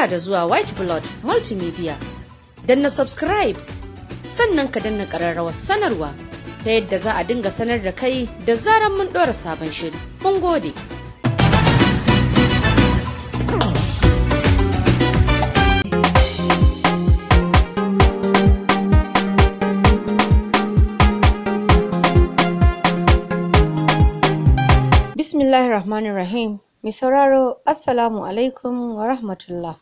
Barka da zuwa White Blood Multimedia. Danna subscribe sannan ka danna ƙararrawar sanarwa ta yadda za a dinga sanar da kai da zaran mun ɗora sabon shiri. Mun gode. Bismillahirrahmanirrahim. Mai sauraro, Assalamu alaikum wa rahmatullah.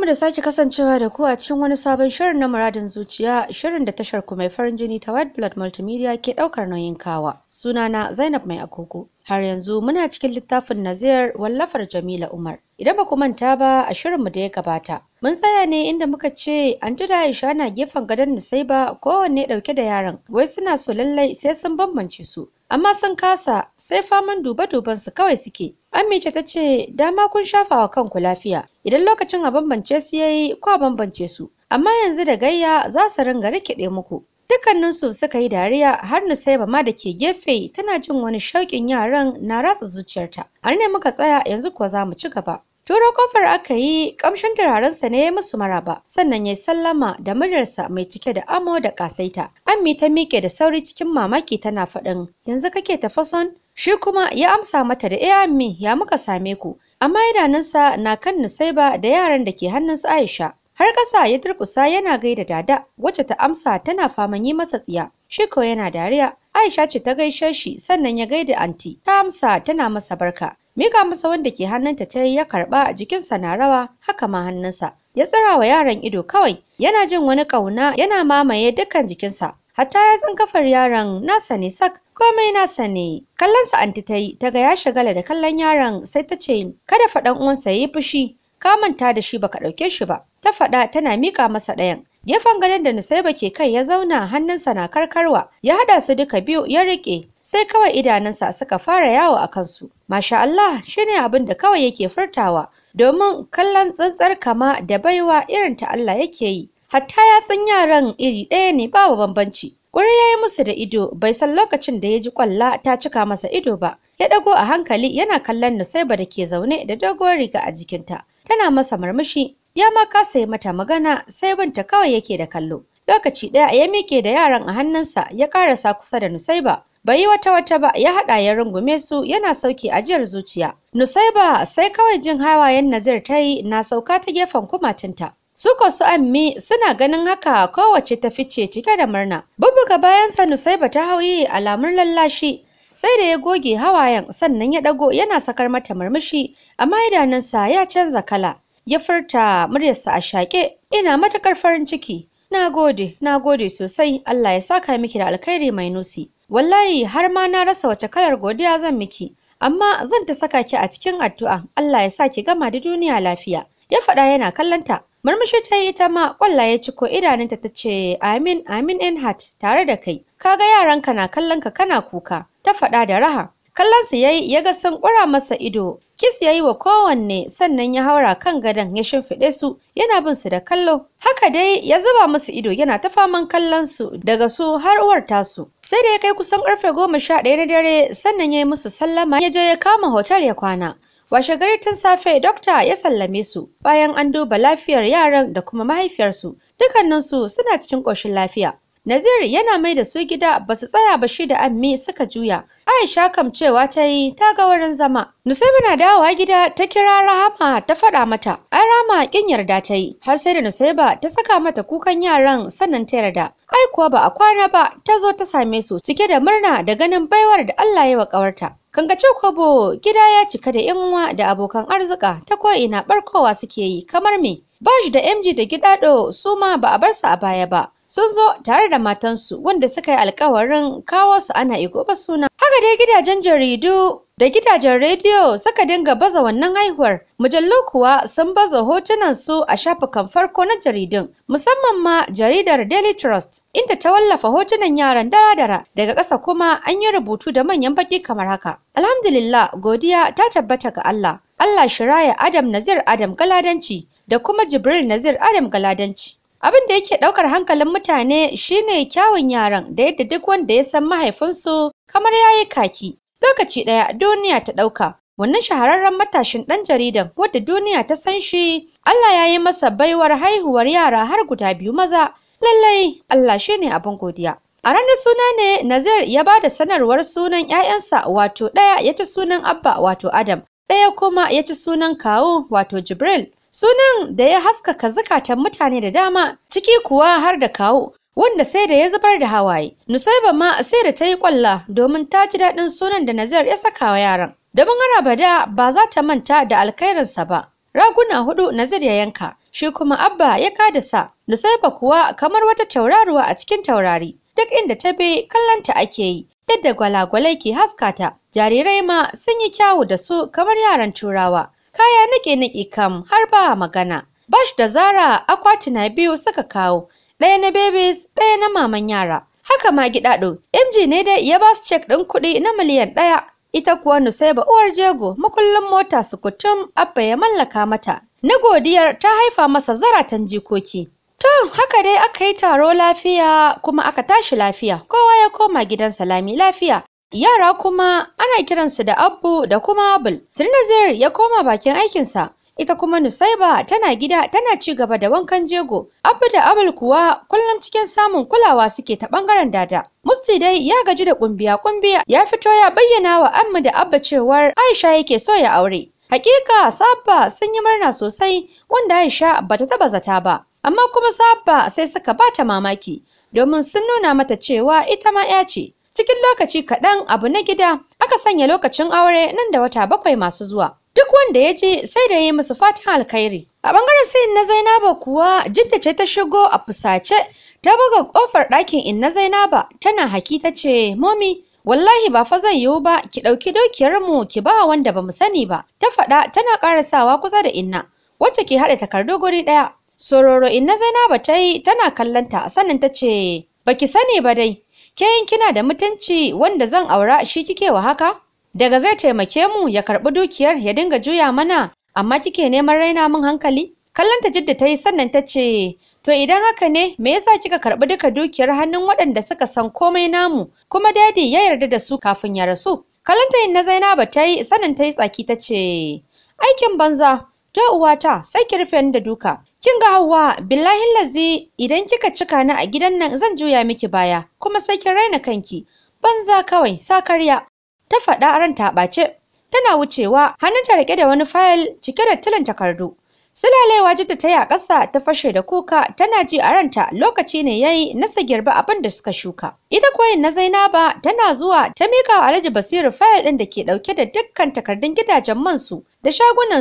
mu da sake kasancewa da ku a cikin wani sabon shirin na muradin zuciya, shirin da tashar ku mai farin jini ta White Blood Multimedia ke ɗaukar nauyin kawa. Sunana Zainab Mai Agogo. Har yanzu muna cikin littafin Nazir wallafar Jamila Umar. Idan ba ku manta ba a mu da ya gabata. Mun tsaya ne inda muka ce an ji Aisha na gefen gadon Nusaiba kowanne ɗauke da yaron. Wai suna so lallai sai sun bambance su. Amma sun kasa sai faman duba-duban su kawai suke. Amince ta ce dama kun shafa wa kanku lafiya. Idan lokacin a bambance su yayi ko a bambance su. Amma yanzu da gayya za su ringa rikide muku. Dukkaninsu suka yi dariya har Nusaiba ma da ke gefe tana jin wani shauƙin yaran na ratsa zuciyarta. An ne muka tsaya yanzu kuwa za mu ci gaba. Turo kofar aka yi ƙamshin turarensa ne ya musu maraba, sannan ya sallama da muryarsa mai cike da amo da ƙasaita. Ammi ta miƙe da sauri cikin mamaki tana faɗin, yanzu kake tafason? Shi kuma ya amsa mata da eh Ammi ya muka same ku. Amma idanunsa na kan Nusaiba da yaran da ke hannunsa Aisha. har ƙasa ya durƙusa yana gaida dada wacce ta amsa tana faman yi masa tsiya shi ko yana dariya Aisha ce ta gaishe shi sannan ya gaida anti ta amsa tana masa barka mika masa wanda ke hannunta ta ya karɓa jikinsa na rawa haka ma hannunsa ya tsira wa yaron ido kawai yana jin wani ƙauna yana mamaye dukkan jikinsa hatta yatsun kafar yaron nasa ne sak komai nasa ne kallonsa anti ta yi ta ga ya shagala da kallon yaron sai ta ce kada fa uwansa ya yi fushi ka manta da shi baka ɗauke shi ba ta faɗa tana miƙa masa ɗayan. Gefen gadon da Nusaiba ke kai ya zauna hannunsa na karkarwa, ya haɗa su duka biyu ya riƙe, sai kawai idanunsa suka fara yawo a kansu. Masha Allah shi ne abin da kawai yake furtawa, domin kallon tsantsar kama da baiwa irin ta Allah yake yi. Hatta yatsun yaran iri ɗaya ne babu bambanci. Ƙuri ya yi musu da ido, bai san lokacin da ya ji ƙwalla ta cika masa ido ba. Ya ɗago a hankali yana kallon Nusaiba da ke zaune da doguwar riga a jikinta. Tana masa murmushi, ya ma kasa yi mata magana sai binta kawai yake da kallo lokaci ɗaya ya miƙe da yaran a hannunsa ya ƙarasa kusa da Nusaiba bai yi wata wata ba ya haɗa ya rungume su yana sauki ajiyar zuciya Nusaiba sai kawai jin hawayen Nazir ta yi na sauka ta gefen kumatinta Su su ammi suna ganin haka kowace ta fice cike da murna bubbuga bayansa Nusaiba ta hau yi alamun lallashi sai da ya goge hawayen sannan ya ɗago yana sakar mata murmushi amma idanunsa ya canza kala ya furta muryarsa a shaƙe ina matuƙar farin ciki na gode na gode sosai Allah ya saka miki da alkhairi mai nusi wallahi har ma na rasa wace kalar godiya zan miki amma zan ta saka ki a cikin addu'a Allah ya sa ki gama da duniya lafiya ya faɗa yana kallonta murmushi ta yi ita ma ƙwallaye ciko idanunta ta ce amin amin in hat tare da kai kaga yaranka na kallon ka kana kuka ta faɗa da raha kallon su yayi ya ga sun ƙura masa ido kis yayi wa kowanne sannan ya haura kan gadon ya shimfiɗe su yana bin su da kallo haka dai ya zuba musu ido yana ta faman kallon su daga su har uwar tasu sai da ya kai kusan ƙarfe goma sha ɗaya na dare sannan ya yi musu sallama ya je ya kama hotel ya kwana washe gari tun safe dokta ya sallame su bayan an duba lafiyar yaran da kuma mahaifiyarsu dukkaninsu suna cikin ƙoshin lafiya Naziru yana mai da su gida ba su tsaya ba shi da ammi suka juya. Aisha kam cewa ta yi ta ga wurin zama. Nusaibu na dawowa gida ta kira Rahama ta faɗa mata. Ai Rahama kin yarda ta yi har sai da Nusaiba ta saka mata kukan yaran sannan ta yarda. Ai kuwa ba a kwana ba ta zo ta same su cike da murna da ganin baiwar da Allah ya wa ƙawarta. Kangace Kwabo gida ya cika da uwa da abokan arzika ta ko ina barkowa suke yi kamar me. Bash da MG da Gidado su ma ba a bar su a baya ba. sun zo tare da matansu wanda suka yi alkawarin kawo su ana gobe suna. Haka dai gidajen jaridu da gidajen rediyo suka dinga baza wannan haihuwar. Mujallu kuwa sun baza hotunan su a shafukan farko na jaridun, musamman ma jaridar Daily Trust, inda ta wallafa hotunan yaran dara-dara daga ƙasa kuma an yi rubutu da manyan baƙi kamar haka. Alhamdulillah, godiya ta tabbata ga Allah. Allah shiraya Adam Nazir Adam Galadanci da kuma Jibril Nazir Adam Galadanci. Abin da yake ɗaukar hankalin mutane shine kyawun yaran da yadda duk wanda ya san mahaifinsu kamar yayi kaki. Lokaci ɗaya duniya ta ɗauka. Wannan shahararren matashin ɗan jaridan wadda duniya ta san shi, Allah ya yi masa baiwar haihuwar yara har guda biyu maza. Lallai Allah shine abin godiya. A ranar suna ne Nazir ya ba da sanarwar sunan ‘ya'yansa wato ɗaya ya sunan Abba wato Adam, ɗaya kuma ya ci sunan kawu wato Jibril. Sunan da ya haskaka zukatan mutane da dama, ciki kuwa har da kawu, wanda sai da ya zubar da hawaye. Nusaiba ma sai da ta yi kwalla domin ta ji daɗin sunan da Nazir ya saka wa yaran. Domin har abada ba za ta manta da alkhairinsa ba. Raguna hudu Nazir ya yanka, shi kuma Abba ya kada sa. Nusaiba kuwa kamar wata tauraruwa a cikin taurari. duk inda ta bi kallonta ake yi yadda gwalagwalai ke haskata jarirai ma sun yi kyawu da su kamar yaran turawa kaya niƙe-niƙe kam har ba magana Bash da Zara akwati na biyu suka kawo ɗaya na babies ɗaya na maman yara haka ma gida gidaɗo MG ne dai ya basu su cek ɗin kuɗi na miliyan ɗaya ita kuwa Nusaiba uwar jego makullin mota su kutum, abba ya mallaka mata na godiyar ta haifa masa zaratan jikoki To haka dai aka yi taro lafiya kuma aka tashi lafiya kowa ya koma gidansa lami lafiya. Yara kuma ana kiransu da Abbu da kuma Abul. Tirnazir ya koma bakin aikinsa ita kuma Nusaiba tana gida tana ci gaba da wankan jego. Abba da Abul kuwa kullum cikin samun kulawa suke ta ɓangaren dada. Musti dai ya gaji da ƙumbiya-ƙumbiya ya fito ya bayyana wa Amma da Abba cewar Aisha yake so ya aure. Hakika Sabba sun yi murna sosai wanda Aisha bata taba zata ba. amma kuma sabba sai suka bata mamaki domin sun nuna mata cewa ita ma ‘ya ce. Cikin lokaci kaɗan abu na gida aka sanya lokacin aure nan da wata bakwai masu zuwa. Duk wanda ya je sai da ya yi musu fatan alkhairi. A ɓangaren sayin na Zainaba kuwa jidda ce ta shigo a fusace ta buga ƙofar ɗakin inna Zainaba tana haki ta ce momi wallahi ba fa zai yiwu ba ki ɗauki dukiyar mu ki ba wanda ba mu sani ba ta faɗa tana ƙara sawa kusa da inna wacce ke haɗa takardu guri ɗaya Sororo inna Zainaba ta tana kallonta sannan ta ce, Baki sani ba dai, ke yin kina da mutunci wanda zan aura shi kike wa haka? Daga zai taimake mu ya karɓi dukiyar ya dinga juya mana, amma kike neman raina min hankali? Kallonta Jidda ta yi sannan ta To idan haka ne, me yasa kika karɓi duka dukiyar hannun waɗanda suka san komai namu, kuma dadi ya yarda da su kafin ya rasu? ta inna Zainaba ta sannan ta tsaki tace ce, Aikin banza, to uwata sai ki rufe ni da duka kin ga Hauwa billahi lazi idan kika cika ni a gidan nan zan juya miki baya kuma sai kin raina kanki banza kawai sakarya ta faɗa ran ɓace tana wucewa hannunta riƙe da wani fayil cike da tilin takardu Sulalewa Jidda ta yi a ƙasa ta fashe da kuka tana ji a ranta lokaci ne yayi na su girba abin da suka shuka. Ita koyin na Zainaba tana zuwa ta miƙa wa Alhaji Basiru fayil ɗin da ke ɗauke da dukkan takardun gidajen man su da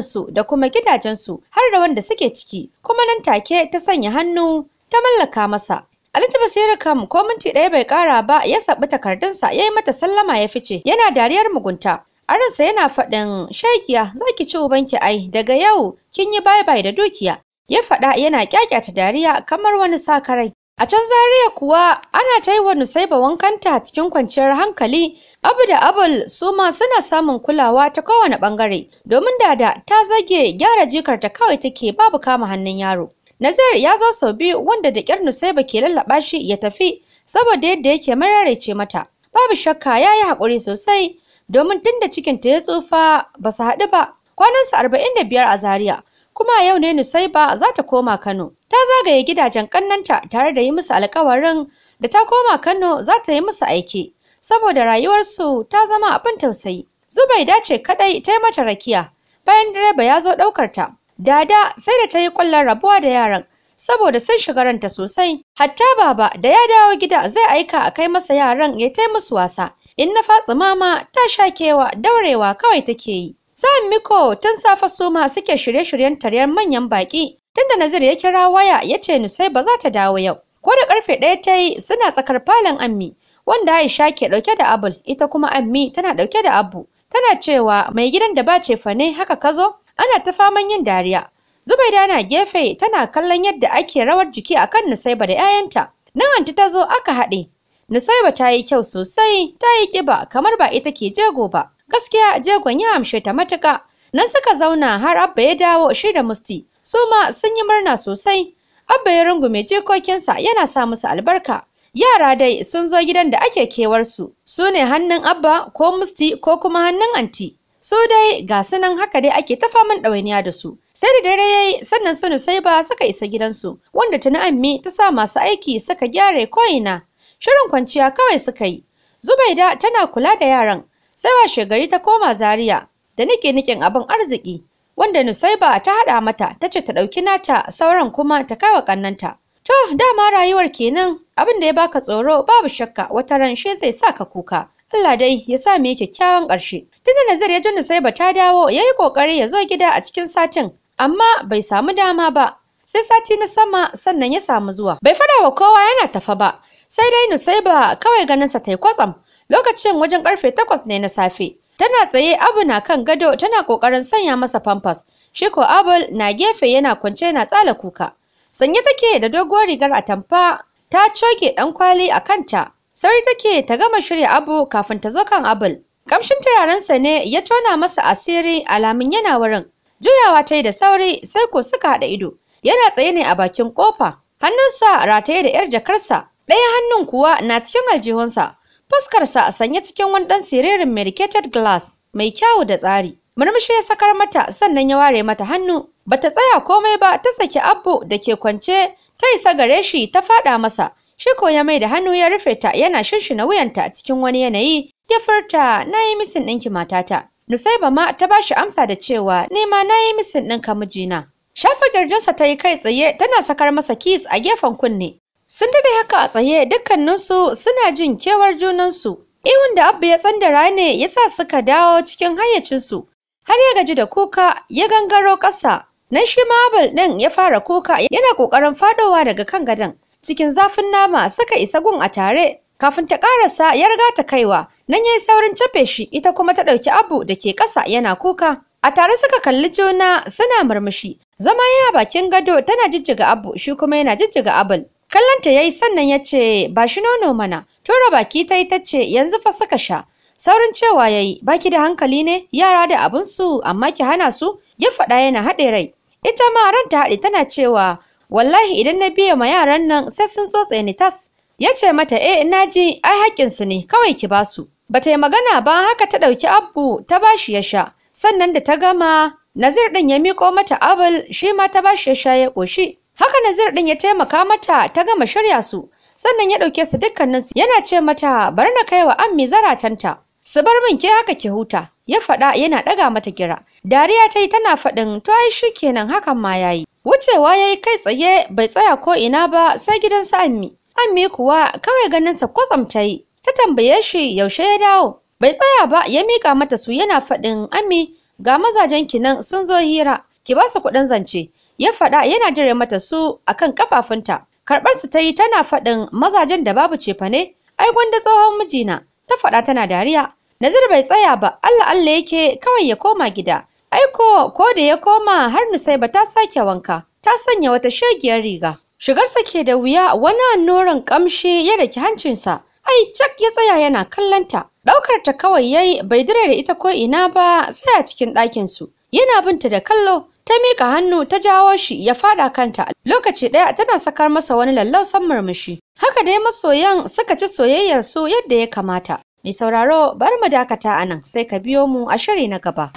su, da kuma gidajensu har da wanda suke ciki kuma nan take ta sanya hannu ta mallaka masa. Alhaji Basiru kam ko minti ɗaya bai ƙara ba ya saɓi takardunsa ya yi mata sallama ya fice yana dariyar mugunta. a ransa yana faɗin shegiya zaki ci ki ai daga yau kin yi bye bye da dukiya ya faɗa yana ƙyaƙyata dariya kamar wani sa sakarai a can Zaria kuwa ana ta yi wa Nusaiba wankanta cikin kwanciyar hankali Abu da Abul su suna samun kulawa ta kowane ɓangare domin Dada ta zage gyara jikarta kawai take babu kama hannun yaro Nazir ya zo sau biyu wanda da ƙyar Nusaiba ke lallaɓa shi ya tafi saboda yadda yake mararece mata babu shakka ya yi haƙuri sosai domin tun da cikin ta ya tsufa ba su haɗu ba kwanansu arba'in da biyar a Zaria kuma yau ne Nusaiba za ta koma Kano ta zagaye gidajen ƙannanta tare da yi musu alƙawarin da ta koma Kano za ta yi musu aiki saboda rayuwarsu ta zama abin tausayi Zubaida ce kaɗai ta yi mata rakiya bayan direba ya zo ɗaukar ta Dada sai da ta yi ƙwallon rabuwa da yaran saboda sun shiga ranta sosai hatta baba da ya dawo gida zai aika a kai masa yaran ya tai musu wasa in na fatsi mama ta sha kewa daurewa kawai take yi sa'an miko tun safe suma suke shirye-shiryen taryar manyan baƙi tunda Nazir ya kira waya ya ce Nusai ba za ta dawo yau ko da karfe ɗaya ta yi suna tsakar falon Ammi wanda Aisha ke ɗauke da Abul ita kuma Ammi tana ɗauke da Abu tana cewa mai gidan da ba ne haka ka zo ana ta faman yin dariya Zubaida na gefe tana kallon yadda ake rawar jiki akan Nusaiba da 'ya'yanta nan anti ta zo aka haɗe Nusaiba ta yi kyau sosai, ta yi ƙiba kamar ba ita ke jego ba. Gaskiya jegon ya amshe ta matuƙa. Nan suka zauna har Abba ya dawo shi da Musti. Su ma sun yi murna sosai. Abba ya rungume jikokinsa yana sa musu albarka. Yara dai sun zo gidan da ake kewarsu, su ne hannun Abba ko Musti ko kuma hannun Anti. Su dai ga su nan haka dai ake ta faman ɗawainiya da su. Sai da dare yayi sannan su Nusaiba suka isa gidansu, wanda tuni Ammi ta sa masu aiki suka gyara ko'ina. shirin kwanciya kawai suka yi Zubaida tana kula da yaran sai washegari ta koma Zaria da nike-niken abin arziki wanda Nusaiba ta haɗa mata ta ce ta ɗauki nata sauran kuma ta kai kaiwa ƙannenta. to dama rayuwar kenan abin da ya baka tsoro babu shakka wata ran shi zai sa ka kuka Allah dai ya sa mu yi kyakkyawan ƙarshe da Nazir ya ji Nusaiba ta dawo ya yi ƙoƙari ya zo gida a cikin satin amma bai samu dama ba sai sati na sama sannan ya samu zuwa bai faɗa wa kowa yana tafa ba sai dai Nusaiba kawai ganinsa ta yi kwatsam lokacin wajen karfe takwas ne na safe tana tsaye abu na kan gado tana kokarin sanya masa pampers shi ko abul na gefe yana kwance yana tsala kuka sanye take da doguwar rigar atamfa ta coke dan kwali a kanta sauri take ta gama shirya abu kafin ta zo kan abul kamshin turarensa ne ya tona masa asiri alamun yana wurin juyawa tayi da sauri sai ko suka haɗa ido yana tsaye ne a bakin kofa hannunsa rataye da yar jakarsa ɗaya hannun kuwa na cikin aljihunsa fuskarsa a sanye cikin wani ɗan siririn medicated glass mai kyawu da tsari murmushi ya sakar mata sannan ya ware mata hannu bata tsaya komai ba ta saki abbu da ke kwance ta isa gare shi ta faɗa masa shi ko ya mai da hannu ya rufe ta yana shinshina wuyanta cikin wani yanayi ya furta na yi misin ɗinki matata Nusaiba ma ta ba shi amsa da cewa ni ma na yi misin ɗinka mijina. Shafa ƙirjinsa ta yi kai tsaye tana sakar masa kis a gefen kunne. Sun dade haka a tsaye dukkaninsu suna jin kewar junansu. Ihun da Abba ya tsandara ne ya sa suka dawo cikin hayyacinsu. Har ya gaji da kuka ya gangaro ƙasa. Nan shi ma Abel ɗin ya fara kuka yana ƙoƙarin faɗowa daga kan gadon. Cikin zafin nama suka isa gun a tare. Kafin ta ƙarasa ya riga ta kaiwa. Nan ya yi saurin cafe shi ita kuma ta ɗauki abu da ke ƙasa yana kuka. A tare suka kalli juna suna murmushi. Zama ya bakin gado tana jijjiga abu shi kuma yana jijjiga abul. kallonta yayi sannan yace ce ba shi nono mana tura baki ta yi ta ce yanzu fa suka sha saurin cewa yayi baki da hankali ne yara da abin su amma ki hana su ya faɗa yana haɗe rai ita ma ran ta haɗe tana cewa wallahi idan na biya ma yaran nan sai sun tsotse ni tas ya ce mata eh ina ji ai haƙƙin su ne kawai ki basu bata yi magana ba haka ta ɗauki abu ta bashi ya sha sannan da ta gama Nazir ɗin ya miƙo mata abul shi ma ta bashi ya sha ya ƙoshi haka Nazir din ya taimaka mata ta gama shirya su sannan ya ɗauke su dukkanin su yana ce mata 'Bari na kai wa ammi zaratanta su bar min ke haka ki huta ya faɗa yana ɗaga mata kira dariya ta yi tana faɗin to ai shikenan hakan ma yayi wucewa yayi kai tsaye bai tsaya ko ina ba sai gidan su ammi ammi kuwa kawai ganin sa kwatsam ta yi ta tambaye shi yaushe ya dawo bai tsaya ba ya mika mata su yana faɗin ammi ga mazajen ki nan sun zo hira ki basu kuɗin zance ya faɗa yana jire mata su akan kafafunta karɓar su tayi tana faɗin mazajen da babu cefane ai gwanda tsohon mijina ta faɗa tana dariya Nazir bai tsaya ba Allah Allah yake kawai ya koma gida aiko ko da ya koma har Nusaiba ta sake wanka ta sanya wata shegiyar riga Shigar sa ke da wuya wani annoran kamshi ya daki sa ai cak ya tsaya yana kallon ta ɗaukar ta kawai yayi bai dire da ita ko ina ba sai a cikin ɗakin su yana binta da kallo ta miƙa hannu ta jawo shi ya faɗa kanta lokaci ɗaya tana sakar masa wani lallausan murmushi haka dai masoyan suka ci soyayyar su yadda ya kamata mai sauraro bari mu dakata anan sai ka biyo mu a shiri na gaba